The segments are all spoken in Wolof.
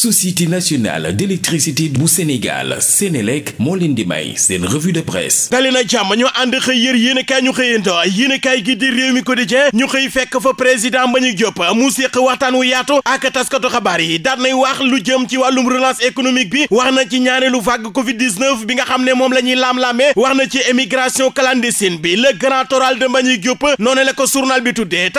société nationale d'électricité bu Sénégal Sénélec moo leen di may seen revue de presse dali na jàmm ñu ànd xëy yër yéenekaay ñu xëyanto yéenekaay gi di réew mi quotidien ñu xëy fekk fa président Mbagnick Diop mu séq waxtaan wu yaatu ak taskatu xabaar yi daan wax lu jëm ci wàllum relance économique bi wax na ci ñaareelu vague covid 19 bi nga xam ne moom la laam-laamee wax na ci émigration clandestine bi le grand oral de Mbagnick Diop noonu la ko journal bi tuddee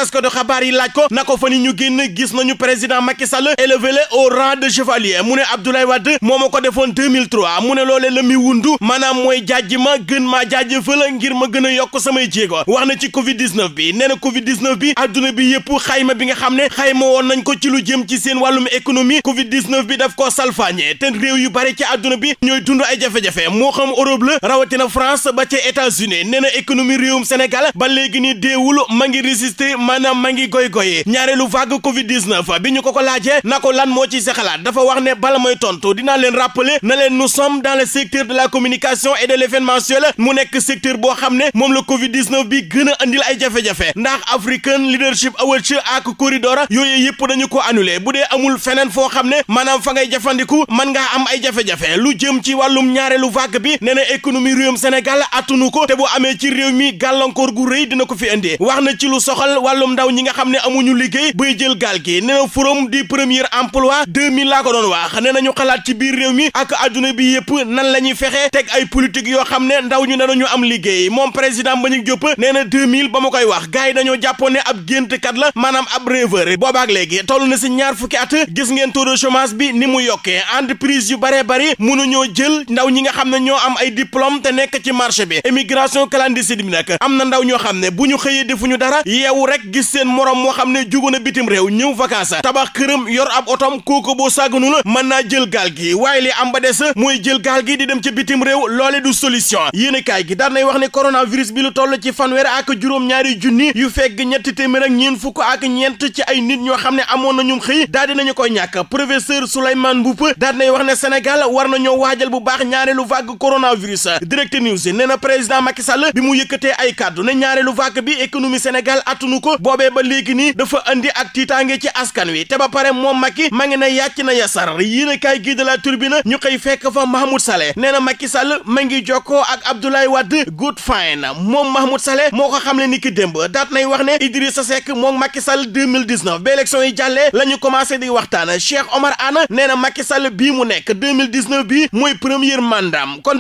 chevalier mu ne Abdoulaye Wade moo ma ko defoon 2003 mu ne loolee la mi wundu maanaam mooy jaaj ma gën maa jaaj fëla ngir ma gën yokk samay jéego wax na ci covid bi nee na covid bi adduna bi yëpp xayma bi nga xam ne xayma woon nañ ko ci lu jëm ci seen wàllum économie covid bi daf koo salfaañe te réew yu bari ci adduna bi ñooy dund ay jafe-jafe moo xam Europe la rawatina France ba ca États-Unis nee na économie réewum Sénégal ba léegi nii déewul ma ngi résister maanaam ma ngi goy goyee ñaareelu vague covid 19 bi ñu ko ko laajee na lan moo ci sa Wade dafa wax ne bala may tontu dinaa leen rappeler na leen nous sommes dans le secteur de la communication et de l'événementiel mu nekk secteur boo xam ne moom la Covid 19 bi gën a andil ay jafe-jafe ndax African Leadership ci ak Corridor yooyu yëpp dañu ko annulé bu dee amul feneen foo xam ne maanaam fa ngay jafandiku mën ngaa am ay jafe-jafe lu jëm ci wàllum ñaareelu vague bi nee na économie réewum Sénégal attunu ko te bu amee ci réew mi gàllankoor gu rëy dina ko fi indi wax na ci lu soxal wàllum ndaw ñi nga xam ne amuñu liggéey bay jël gaal gi nee na forum du premier emploi 2000 laa ko doon wax nee nañu xalaat ci biir réew mi ak adduna bi yëpp nan la ñuy fexe teg ay politique yoo xam ne ndaw ñu danañu am liggéey moom président Mbagnick Diop nee na 2000 ba ma koy wax gars yi dañoo jàppoon ne ab géntkat la maanaam ab rêveur boobaak léegi toll na si ñaar fukki at gis ngeen taux de bi ni mu yokkee entreprise yu bare bari mënuñoo jël ndaw ñi nga xam ne ñoo am ay diplom te nekk ci marché bi émigration clandestine bi nag am na ndaw ñoo xam ne bu ñu xëyee defuñu dara yeewu rek gis seen morom moo xam ne jugu na bitim réew ñëw vacances tabax këram yor ab otom sàgganul mën naa jël gaal gi waaye li am ba des mooy jël gaal gi di dem ci bitim réew loole du solution kaay gi daan nay wax ne coronavirus bi lu toll ci fanweer ak juróom-ñaari junni yu fegg ñetti téeméer ak ñeent fukk ak ñeent ci ay nit ñoo xam ne amoon nañu xëy daal dinañu koy ñàkk professeur Souleymane Mboup daan nay wax ne Sénégal war nañoo waajal bu baax ñaareelu vague coronavirus direct news nee na président Macky Sall bi mu yëkkatee ay kàddu ne ñaareelu vague bi économie Sénégal attunu ko boobee ba léegi nii dafa andi ak tiitaange ci askan wi te ba pare moom Macky ma na yasar yéen a kaay gii de la turbine ñu koy fekk fa Mahmoud Saleh nee na Macky Sall ma ngi jokkoo ak Abdoulaye moom Mahmoud Saleh moo ko ni ki démb daat nay wax ne Idrissa Seck moom Macky bii mu nekk bii mooy premier mandat kon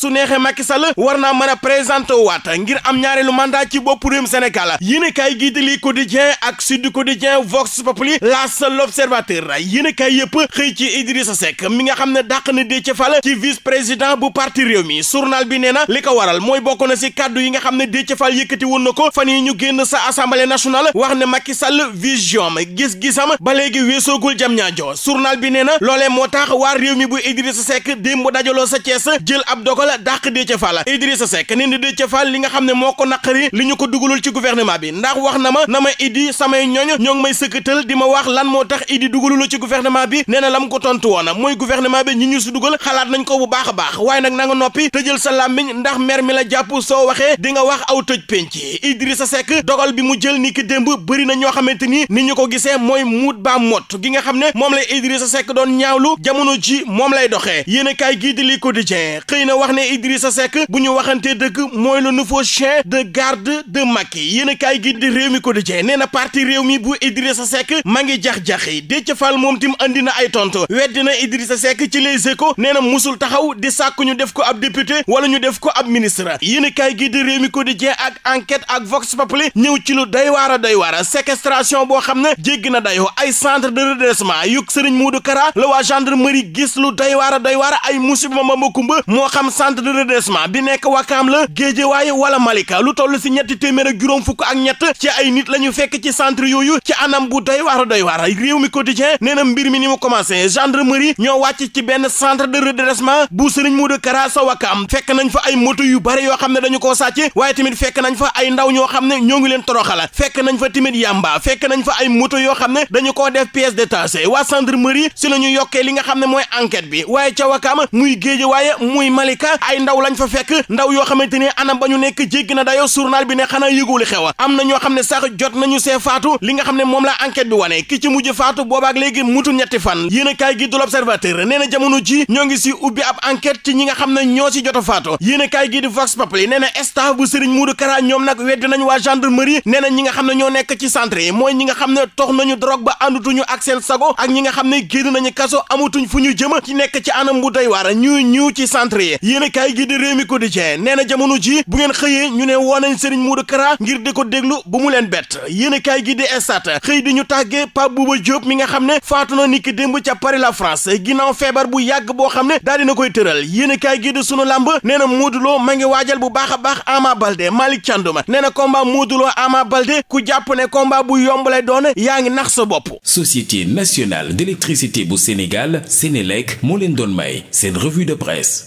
su neexee Macky war naa mën a présenté ngir am ñaareelu mandat ci bopp réewum Sénégal yéen a kaay gii de ak Sud Quotidien Vox Populi L'As L'Observateur yéen a kaay kaay yëpp xëy ci Idrissa Seck mi nga xam ne dàq na Déthié Fall ci vice président bu parti réew mi journal bi nee na li ko waral mooy bokk na si kàddu yi nga xam ne Déthié Fall yëkkati woon na ko fan yi ñu génn sa assemblée nationale wax ne Macky Sall vision gis-gisam ba léegi weesoogul jam ñaajo journal bi nee na loolee moo tax waa réew mi bu Idrissa Seck démb dajaloo sa Thiès jël ab dogal dàq Déthié Fall Idrissa Seck nee na Déthié Fall li nga xam ne moo ko naqari li ñu ko dugalul ci gouvernement bi ndax wax na ma na ma idi samay ñooñ ma wax lan moo tax idi dugalul ci gouvernement gouvernement bi nee na la mu ko tontu woon mooy gouvernement bi ñi ñu si xalaat nañ ko bu baax a baax waaye nag na noppi tëjal sa làmmiñ ndax mer mi la jàpp soo waxee di wax aw tëj penc Idrissa Seck dogal bi mu jël ni ki démb bëri na ñoo xamante ni ni ñu ko gisee mooy muut baa mott gi nga xam ne moom la Idrissa Seck doon ñaawlu jamono ji moom lay doxee yéen a kaay gii di li quotidien xëy na wax ne sa Seck bu ñu waxantee dëgg mooy le nouveau chien de garde de Macky yéen a kaay gii di réew mi quotidien mi bu Idrissa Seck ma ngi andi na ay tontu weddi na Idrissa Seck ci Les Échos nee na musul taxawu di sàkku ñu def ko ab député wala ñu def ko ab ministre yéen a kaay gi di Rewmi Quotidien ak enquête ak Vox Populi ñëw ci lu doy waar a doy a séquestration boo xam ne jéggi na dayoo ay centre de redressement yuk Serigne Modou Kara la waa gendarmerie gis lu doy waar a doy waar ay musiba ma kumba moo xam centre de redressement bi nekk Wakaam la Géejawaay wala Malika lu toll si ñetti téeméer juróom fukk ak ñett ci ay nit la ñu fekk ci centre yooyu ci anam bu doy waar a doy mi quotidien na mbir mbir mi ni mu commencé gendarmerie ñoo wàcc ci benn centre de redressement bu Serigne Modou Kara sa Wakam fekk nañ fa ay moto yu bare yoo xam ne dañu koo sàcc waaye tamit fekk nañ fa ay ndaw ñoo xam ne ñoo ngi leen toro toroxala fekk nañ fa tamit yamba fekk nañ fa ay moto yoo xam ne dañu koo def pièces détachées waa gendarmerie si la yokkee li nga xam ne mooy enquête bi waaye ca Wakam muy géej waaye muy Malika ay ndaw lañ fa fekk ndaw yoo xamante ni anam ba ñu nekk jéggi na dayo journal bi ne xanaa yëgul xew na ñoo xam ne sax jot nañu see faatu li nga xam ne moom la enquête bi wane ki ci mujj faatu boobaak juróom-ñetti fan yéen a kaay gi du l'observateur nee na jamono ji ñoo ngi si ubbi ab enquête ci ñi nga xam ne ñoo si jot a faatu yéen a kaay gi di vox populi nee na staff bu Serigne Modou Kara ñoom nag weddi nañ waa gendarmerie nee na ñi nga xam ne ñoo nekk ci centre yi mooy ñi nga xam ne tox nañu drogue ba àndutuñu ak seen sago ak ñi nga xam ne génn nañu kaso amatuñ fu ñu jëm ci nekk ci anam bu doy waar ñuy ñëw ci centre yi yéen a gi di réew mi quotidien nee na jamono ji bu ngeen xëyee ñu ne woo nañ Serigne Modou Kara ngir di ko déglu bu mu leen bett yéen gi di estat xëy di ñu tàggee Pape Bouba Diop mi nga xam ne ni niki démb ca Paris la France ginnaaw feebar bu yàgg boo xam ne daal dina koy tëral yéen i kaay gii di sunu làmb nee na Modou Lo ma ngi waajal bu baax a baax Ama Balde Malick Thiandoum nee na combat Modou Lo Ama Balde ku jàpp ne combat bu yomb lay yaa ngi nax sa bopp. Société nationale d'électricité bu Sénégal Sénélec moo leen doon may seen revue de presse.